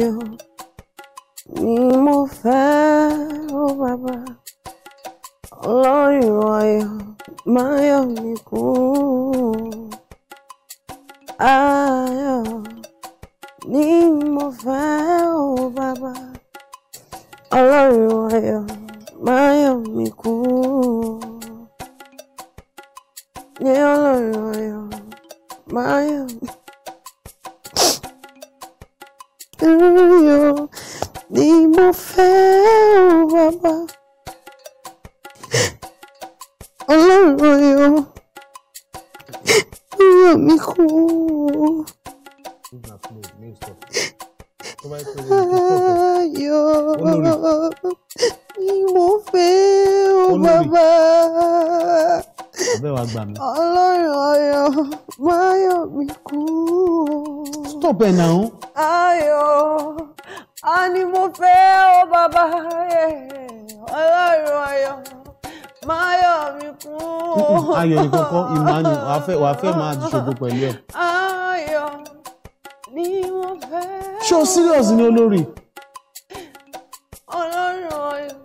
yó ni mo fẹ́ ó bàbá ọlọ́run ayọ̀ máa yọ̀ mí ku. ayọ̀ ni mo fẹ́ ó bàbá ọlọ́run ayọ̀ máa yọ̀ mí ku. ní ọlọ́run ayọ̀ máa yọ̀ mí kún. yọ ni mo fẹ́ o bàbá ọlọ́run yọ yọ mi kú. Ayọ̀ ni mo fẹ́ o bàbá ọbẹ̀ wa gbà mí. ọlọ́run ayọ̀ máyọ̀ mi kú. stop ẹ̀ náà. Ayo, ani mo fẹ́ ọ bàbá ọlọ́run ayọ̀ máa yọ̀ mí kún o. ayọ̀ nìkan kọ́ ìmánu wàá fẹ́ máa ṣògo pẹ̀lú ẹ̀. ayọ̀ ni mo fẹ́. ṣé o serious ni olórí. ọlọ́run ayọ̀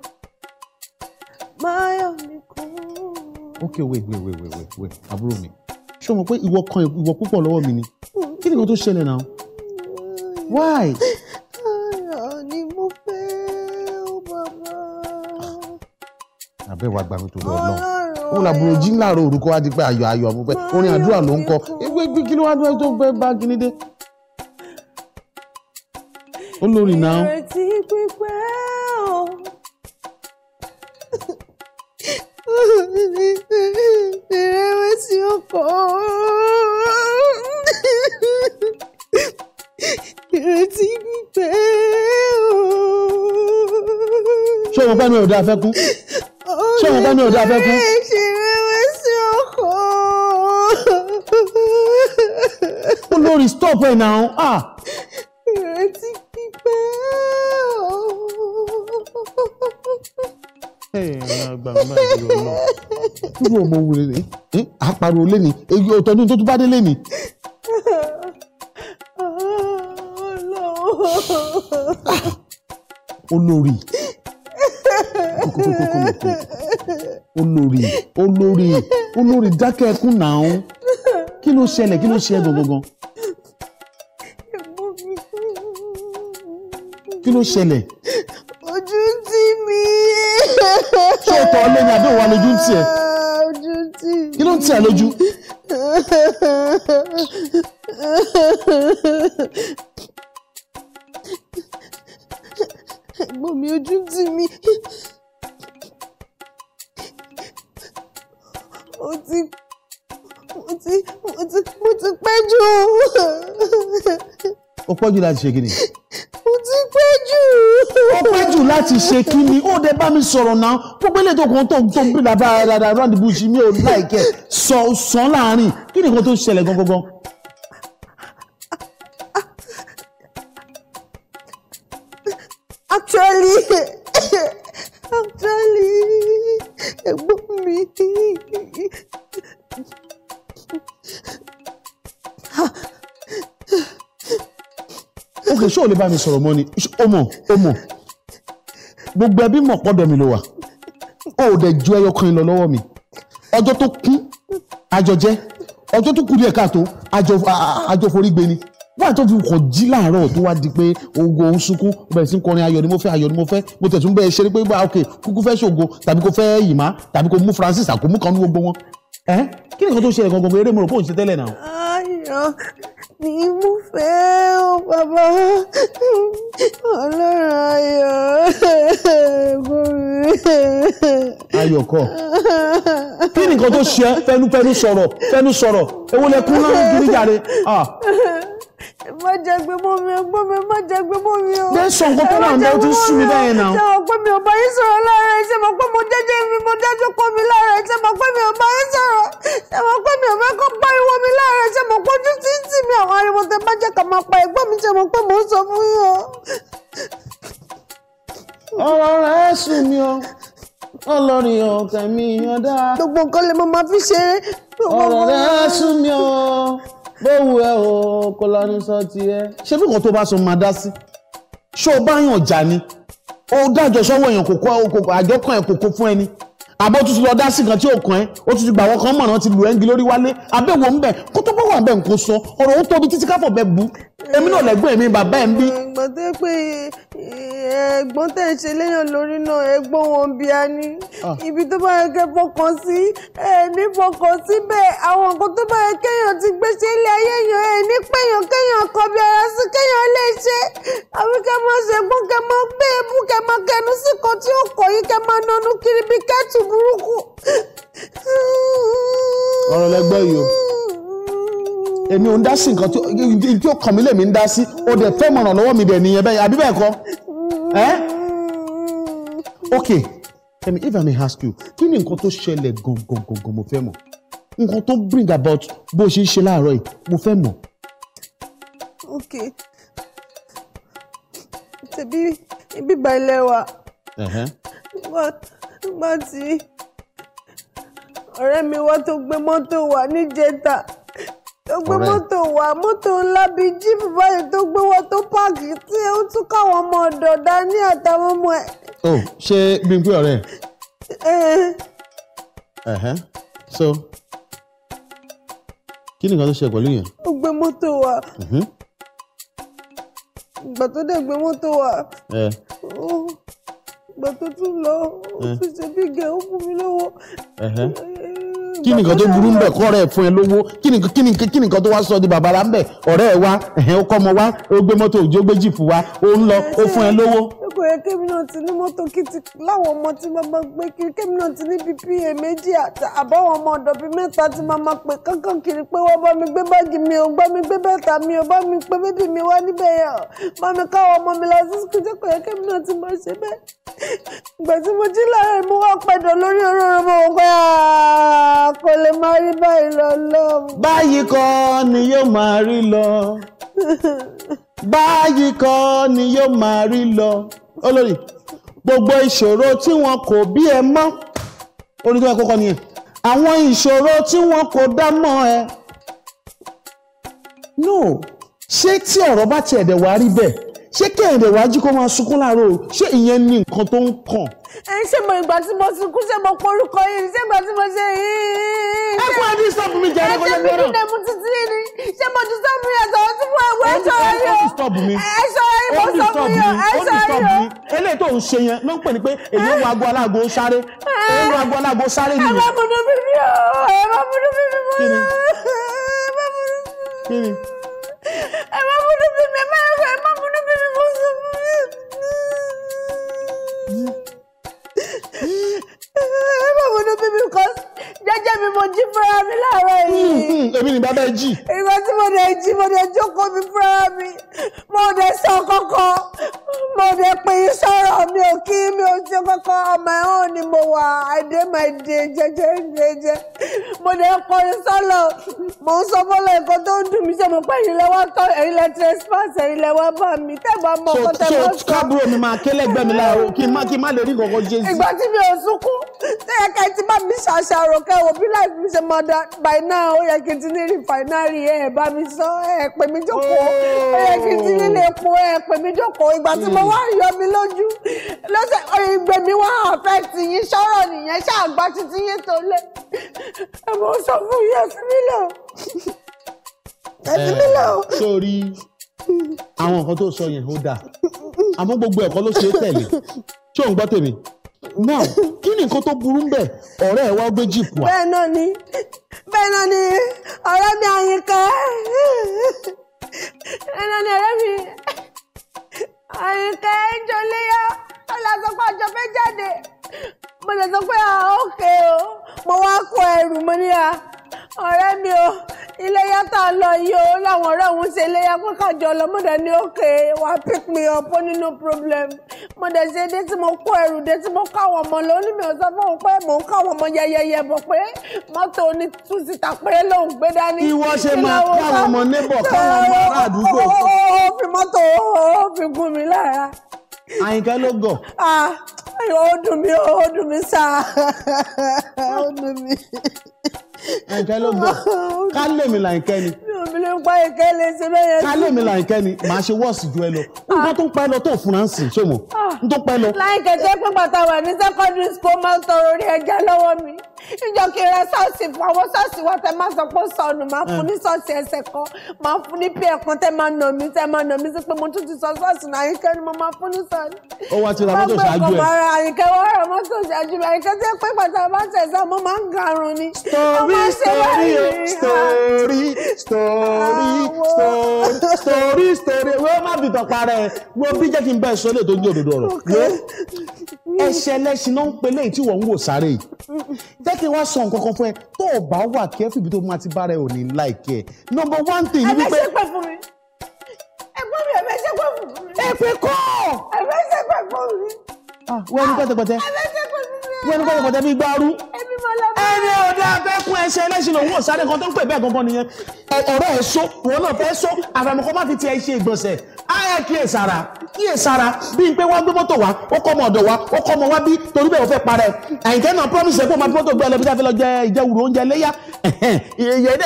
máa yọ̀ mí o. ok wait wait wait wait wait àbúrò mi ṣé o mọ̀ pé ìwọ kan ìwọ púpọ̀ lọ́wọ́ mi ni kí ni nǹkan tó ṣẹlẹ̀ náà why. ara mo fẹ́ ó bàbá. àbẹ̀ wàá gbà mí torí ọlọ́run òun làbúrò jí ńlá ro orúkọ wá di pé ayọ̀ ayọ̀ àmúpẹ orin àdúrà ló ń kọ ewé kí ló wá dúró tó fẹ́ bá kíní dé. olórí náà. ìrètí pípẹ́. ṣé mo bá ní ọ̀dà afẹ́kú ṣé mo bá ní ọ̀dà afẹ́kú. olórí stop ẹ̀ náà ah. ìrántí pípẹ́ túbọ̀ mọ wúre rẹ̀ àpàrọ̀ lẹ́ni èyí ọ̀tọ̀dún tó tún bá dé lẹ́ni. olórí kókókókókókó olórí olórí olórí dákẹ́ ẹkún náà ń kí ló ṣẹlẹ̀ kí ló ṣe gangan. kí ló ṣẹlẹ̀. ojú tì mí. ṣé o tọ́ ọ lẹ́yìn àbí òun wà lójú tì ẹ́. ojú tì mí. kí ló ń tì lójú. ẹ̀gbọ́n mi ojú tì mí. mo ti mo ti mo ti pẹ́ jù. ó pẹ́ jù láti ṣe kí ni. mo ti pẹ́ jù. ó pẹ́ jù láti ṣe kí ni ó dé bá mi sọ̀rọ̀ náà gbogbo ilé tó kàn tó tó ń bí dàbà dàdà round the bush mi ò láìkẹ́ sọ sọ láàrin kí ni nǹkan tó ṣẹlẹ̀ gangan. actually actually pé ṣé ò lè bá mi sọ̀rọ̀ mọ́ ni ó mọ̀ ó mọ̀ gbogbo ẹbí mọ̀ pọ́dọ̀ mi ló wà ó dẹ̀ ju ẹyọ kan lọ lọ́wọ́ mi ọjọ́ tó kún àjọjẹ́ ọjọ́ tó kù díẹ̀ káàtó àjọ forí gbé ni wọ́n àti òfin kọ̀ jí láàárọ̀ tó wá di pé ogo ń sunkún bẹ̀rẹ̀ sí ń kọrin ayọ̀ ni mo fẹ́ ayọ̀ ni mo fẹ́ mo tẹ̀sùn bẹ́ẹ̀ ṣeré pé bá ok kúkú fẹ́ ṣògo tàbí kò fẹ́ yìmá tàbí kò mú Francis àkómú kan ní gbogbo wọn ẹ kí ni nǹkan tó ṣẹlẹ̀ gangan eré mo rò ṣe tẹ́lẹ̀ náà. ayọ̀ ni mo fẹ́ ọ bàbá ọlọ́run ayọ̀ ayọ̀ kọ kí ni nǹkan tó ṣe fẹnufẹnu sọ̀rọ̀ fẹnu sọ̀rọ̀ ewúlẹ̀kún náà ń dúró jáde. Ah má jẹ gbé mọ́ mi ẹgbọ́n mi má jẹ gbé mọ́ mi o. bẹ́ẹ̀ sọ nǹkan tó wà ń bẹ o tún sún mi bẹ́ẹ̀ náà. ṣé mo pé mi ò bá yín sọ̀rọ̀ lára ẹ̀ ṣé mo pé mo jẹ́jẹ́ mi mo dájú kọ́ mi lára ẹ̀ ṣé mo pé mi ò bá yín sọ̀rọ̀ ṣé mo pé mi ò fẹ́ kọ́ pariwo mi lára ẹ̀ ṣé mo pé ojú tí àwọn ariwo tẹ bá jẹ́ ká máa pa ẹ̀gbọ́n mi ṣé mo pé mo sọ fún yín o. ọ̀rọ̀ rẹ̀ sùn mi o ọlọ́rin ọ̀kẹ́ mi yan dáa. gbogbo nǹkan lè mo máa fi ṣeré. ọ̀rọ̀ rẹ̀ sùn mi o bówù ẹ o kó lọ́nu sọ ti ẹ. ṣé bí nǹkan tó bá sọ máa dá sí ṣé o bá yàn jà ni o dájọ sọ́wọ́ èèyàn kò kó àjọkàn ẹ̀ kò kó fún ẹni àbọ̀ tuntun lọ dá sí kan tí ò kàn ẹ́ ó tuntun gbà wọ́n kan mọ̀ràn ti lù ẹ́ngi lórí wálé abẹ́wò ń bẹ̀ kó tó bọ́wọ́ àbẹ̀ nǹkan sọ ọ̀rọ̀ ó tóbi títí káfọ̀ bẹ bu èmi náà lẹ́gbọ́n èmi bàbá ẹ̀ ń bí. gbọ́dọ̀ pé ẹ̀gbọ́n tẹ̀ ń ṣe léyàn lórí náà ẹ̀gbọ́n wọn bí a ní ah. ibi tó bá yẹ kẹ́ fọkàn sí ẹ̀ ní fọkàn síbẹ̀ àwọn nǹkan tó bá yẹ kéèyàn ti gbé ṣe ilé ayé yàn ẹ̀ ní péyàn kéèyàn kọbi ara sí kéèyàn lè ṣe àbíkẹ́ mọ́ ṣe gbọ́n kẹ́ mọ́ gbé kẹ́ máa kẹnu sí kan tí ó kọ̀ yín kẹ́ máa kiri bí kẹ́tù burúkú. ọ̀rọ̀ lẹ́gbẹ́ yìí o èmi ò ń dá sí nǹkan tí ó kàn mí lèmi ń dá sí o dẹ̀ fẹ́ mọ̀ràn lọ́wọ́ mi dẹ̀ nìyẹn bẹ́ẹ̀ àbí bẹ́ẹ̀ kọ́ ẹ́ okay Femi if I may ask you kí ni nǹkan tó ṣẹlẹ̀ gangan gangan mo fẹ́ mọ̀ nǹkan tó bring about bó ṣe ń ṣe láàárọ̀ yìí mo fẹ́ mọ̀. okay tẹ̀bí bíbá ilé wa nígbà tí ọ̀rẹ́ mi wá tó gbé mọ́tò wá níjẹta tó gbé mọ́tò wá mọ́tò ńlá bíi jíìpù báyìí tó gbé wá tó páàkì tí ó tún káwọn ọmọ ọ̀dọ̀ dání àtàwọn ọmọ ẹ̀. o ṣé Bímpé ọ̀rẹ́ so kí ni nǹkan tó ṣe pẹ̀lú yẹn. ó gbé mọ́tò wá ìgbà tó dé gbé mọ́tò wá ìgbà tó tún lọ ó tún ṣe bí gẹ̀ ó fún mi lọ́wọ́. kí ni nǹkan tó burú ń bẹ̀ kọ́ ọ̀rẹ́ ẹ̀ fún ẹ lówó kí ni kí ni kí ni nǹkan tó wá sọ di bàbá rà ń bẹ̀ ọ̀rẹ́ ẹ̀ wá ó kọ́ ọmọ wá ó gbé mọ́tò òjò gbé jìpù wá ó ń lọ ó fún ẹ lówó kò yẹ kémi náà ti ní mọ́tò kìtì láwọn ọmọ tí máa máa gbé kiri kémi náà ti ní bpa méjì àbáwọn ọmọ ọ̀dọ́ bíi mẹ́ta tí máa máa pè kankan kiri pé wọ́n bá mi gbé báàgì mi ò bá mi gbé bẹ́tà mi ò bá mi pé bébì mi wá níbẹ̀ yẹn bá mi káwọn ọmọ mi lọ sí sukùl tí kò yẹ kémi náà ti máa ṣe bẹ́ẹ̀ ìgbà tí mo jí láàárọ̀ mo wá padà lórí oróró mo wọ pé kò lè máa rí báyìí lọ báyìí kọ́ ni yóò máa rí lọ. olórí gbogbo ìṣòro tí wọn kò bí ẹ mọ́ orin tó yẹ kókó nìyẹn àwọn ìṣòro tí wọn kò dá mọ́ ẹ no ṣé tí ọ̀rọ̀ bá tiẹ̀ dẹ̀ wá rí bẹ́ẹ̀ ṣé kẹ́hìndé wàá jí kó máa sunkún láàárọ̀ o ṣé ìyẹn ní nǹkan tó ń kàn. ẹ ṣé mo ìgbà tí mo sunkún ṣé mo porúkọ yìí ṣé ìgbà tí mo ṣe yìí. ẹ fún ẹ ní stop mi jẹ ẹ kọjá mi náà. ẹ ṣe mi títí ni ṣé mo ti stop mi àtàwọn tí mo ẹwọ ẹ sọ̀rọ̀ yìí ẹ sọ yìí mo sọ mi ẹ sọ yìí o. eléyìí tó ń ṣe yẹn ló ń pè ní pé èyí ń wo aago aláàgó jì. ìgbà tí mo dẹ̀ jí mo dẹ̀ jókòó mi fún hàn ni mo wà àìdè máa dè jẹjẹ jẹjẹ mo dé kọrin sọlọ mo ń sọ fọlọ nǹkan tó ń dùn mí sẹ mo pé ẹ̀yin lẹ wá kọ ẹ̀yin lẹ trespass ẹ̀yin lẹ wá bá mi tẹgbà mọ ọkọ tẹgbà sọ. so kábúrò mi máa kélẹgbẹ mi láàrú kí n má kí n má lè rí kankan jẹ ìgbà tí mi ò sunkún tó yẹ ti bá mi ṣàṣàrò kẹ wò bí láì fi ṣe mọ by now ó yẹ ti ní rìfàínárì ẹ bá mi sọ ẹ pè mí fifty nínú epo ẹ pè mí jókòó ìgbà tí mo hmm. wá yọ mi lójú lọ́sẹ̀ ìgbè mi wá àfẹ́tì yín sọ̀rọ̀ nìyẹn ṣáàgbá títí yín tó lé ẹ mọ sọ fún yín ẹfí mi lọ ẹfí mi lọ. sórí àwọn nǹkan tó sọ yẹn ó dáa àmọ́ gbogbo ẹ̀kọ́ ló ṣe é tẹ̀lé ṣé òun gbọ́ tèmi now kí ni nǹkan tó burú ń bẹ ọ̀rẹ́ ẹ wá gbé jíìpù wa. bẹ́ẹ̀ náà ni bẹ́ẹ̀ náà ni ọ̀rẹ́ mi àyìnká ẹnani ọ̀rẹ́ mi àyìnkẹ́ jọléyà ó là sọ pé ọjọ́ fẹ́ jáde mo lè sọ pé ọ̀ọ́kẹ́ ah, o mo wá kó ẹrù mo ní à ọ̀rẹ́ mi o iléyà tá a lọ yìí o láwọn ọ̀rẹ́ òun ṣe iléyà pé kájọ lọ mọ̀dẹ ní òkè wà pick me up ó ní no problem mọ̀dẹ ṣe dé tí mo kó ẹrù dé tí mo kó àwọn ọmọ lọ ní mi ò sọ fún òun pé mò ń kó àwọn ọmọ yẹyẹyẹ bọ̀ pé mọ́tò ní tún síta péré lòún gbé dání. ìwọ ṣe máa kí àwọn ọmọ nébọ̀ káwọn ọmọ ará àdúgbò. ó fi mọ́tò ó fi gún mi lára. àyìnká ló gọ̀. ó dùn mí ó dùn mí sáà ó dùn mí ẹ̀kẹ́ ló bọ̀ ká lèmi là ń kẹ́ ni. mi ló ń pa ẹ̀kẹ́ lè ṣe bẹ́ẹ̀ yẹn. ká lèmi là ni màá ṣe wọ́ọ̀sì ju ẹ lọ ah. nǹkan tó ń pẹ́ lọ tó fúnra ń sìn ṣé mo ah. n tó pẹ́ lọ. láìkẹ́ tó pín pàtàkì ní secondary school máa ń tọrọ orí ẹja lọ́wọ́ mi ìjọ kí n ra ṣọ́ọ̀ṣì fún àwọn ṣọ́ọ̀ṣì wa tẹ máa sọ pé sọnù máa fún ní ṣọ́ọ̀ṣì eh. ẹsẹ̀ kan máa fún ní pé ẹ̀kan tẹ máa nà mí tẹ máa nà mí sí pé mo tún ti sọ ṣọ́ọ̀ṣì náà àyíkẹ́ ni mo máa fún ní sọ̀rọ̀. ó wá ti ra mọ́tò ṣáájú ẹ̀ ìṣẹ́jú mẹ́rin kété pé pàtó bá tẹ̀ sá mo máa ń garun ni. story story story story story story wọ́n má bìtọ̀ parẹ́ wọ́n bí jẹ́ kí n bá ẹ sọ lè tó ní òdodo ọ̀rọ̀ ẹsẹ̀ lẹ́sìn náà ń pe léyìí tí wọ́n ń wò sáré yìí jẹ́ kí n wá sọ nǹkan kan fún ẹ tó o bá wà kí ẹ fìbí tó máa ti bára ẹ ò ní láìkẹ́ number one thing yìí wípé. ẹ bẹ ṣe pẹ fún mi ẹ̀gbọ́n mi ẹ bẹ ṣe pẹ fún mi. èpè kọ́. ẹ bẹ ṣe pẹ fún mi. Ah, wọ́n ní pẹ́tẹ́pẹ́tẹ́. ẹ wọ́n ní kọ́ ọ̀pọ̀ tẹ́bí gbárù ẹni ọ̀dà akẹ́kùn ẹ̀ṣẹ̀ ẹlẹ́ṣin lòun ò sáré kan tó ń pè bẹ́ẹ̀ gangan nìyẹn ọ̀rọ̀ ẹ̀ sọ wọn náà fẹ́ sọ àfàmùkọ́ má fi tiẹ̀ ṣe ìgbọ̀nsẹ̀ ayé kíyèsára kíyèsára bíi pé wọ́n gbé mọ́tò wa ó kọ́ ọmọ ọ̀dọ̀ wa ó kọ́ ọmọ wa bí torí bẹ́ẹ̀ wọ́n fẹ́ parẹ́ àyìnkẹ́ náà promise ẹ̀ pé máa fi mọ́tò gbé ẹ lọ bí sáfẹ́ lọ jẹ ìjẹwùrọ̀ oúnjẹ léyà ìyẹn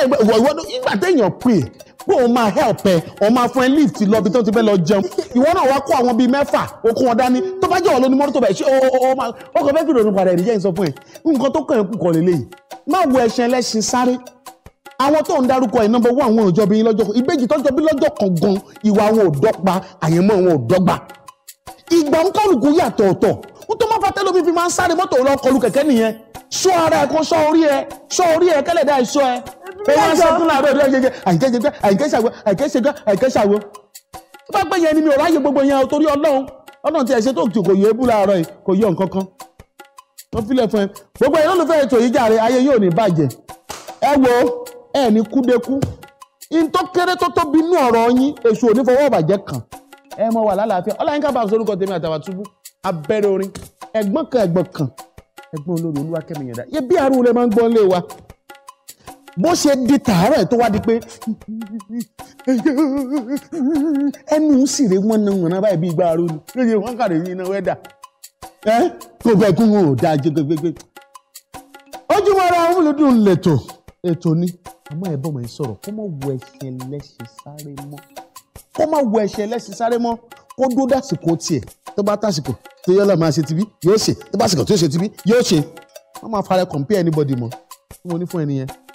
ìgbà téèyàn pè pé òun máa help ẹ òun máa fún ẹ lift lọ ibi tó ti fẹ́ lọ jẹun ìwọ náà wá kó àwọn bíi mẹ́fà okun wọn dání tó bá jẹ́ wọn lóní mọ́tò bẹ̀ ṣé ó kọ fẹ́ fi ìrònú padà ìrìjẹ́ ìsọ fún ẹ nǹkan tó kàn ẹ́ kúkọ lélẹ́yìí má wo ẹṣin ẹlẹ́ṣin sáré àwọn tó ń darúkọ ẹ̀ nọ́mbà wọ́n àwọn òjọbí yín lọ́jọ́ kan ìbejì tó jọbí lọ́jọ́ kan gan ìwà àwọn ò dọ́gba àyẹ̀mọ́ àwọn ò dọ́gba ìgbà ń kọlùkù yàtọ̀ ọ̀tọ̀ ń tó má fa tẹ́lómi fi máa ń sáré mọ́tò lọ kọlù kẹ̀kẹ́ nìyẹn ṣọ́ ara ẹ̀ kan ṣọ́ orí ẹ̀ ṣọ́ orí ẹ̀ kẹ́lẹ̀dá ẹ̀ ṣọ́ ẹ̀ ó wá ṣẹ́kù láàárọ̀ ìdúró jẹjẹ àyíké jẹgbẹ́ àyíké ṣàwo àyíké ṣègbẹ́ àyíké ṣàwo. ó bá pẹ́ yẹn ni mi ò ráyè gbogbo yẹn torí ọlọ́run ọlọ́run ti ẹ̀ ṣe tó kò yẹ ebú láàárọ̀ yìí kò yọ nǹkan kan. wọ́n filẹ̀ fún ẹ gbogbo ẹ̀ lólùfẹ́ ètò yìí jàre ayé yóò ní bàjẹ́ ẹ wo ẹ ní kúdekú in tó kéré tó tóbi inú ọ̀rọ̀ yín èṣù ò ní fọwọ́ ìbàjẹ́ kan ẹ mọ wà lálàáfíà ọláyínká bá sorúkọ tèmi àtàwàtúbú abẹ́rẹ́ orin ẹ̀gbọ́n kan ẹ̀gbọ́n kan ẹ̀gbọ́n olórí olúwa kẹ́mi yẹn dá yẹ bí arúgbó lẹ máa ń gbọ́ lé wa bó ṣe di tàárọ̀ tó wá di pé ẹnu ń sì rè wọ́n na wọ̀nà báyìí bí igba ni lóye wọ́n kàrè yín iná wẹ́dà ẹ kò bẹ́ẹ̀ kún wọn ò dáa gbẹgbẹgbẹ. ojúmọ́ ara àwọn olùdún lẹ̀tọ̀ ètò ni àmọ́ ẹ̀ bọ́mọ̀ yìí sọ̀rọ̀ kó má wọ ẹ̀ṣẹ̀ lẹ́ṣẹ̀ sáré mọ́ kó má wọ ẹ̀ṣẹ̀ lẹ́ṣẹ̀ sáré mọ́ kó dó dásìkò tiẹ̀ tó bá tásìkò tó yọ lọ́ọ́ máa ṣe tibí yóò ṣe tó bá tásìkò tó ṣe tibí yóò ṣe wọ́n máa fara compare anybody mọ́ wọ́n ní fún ẹni yẹn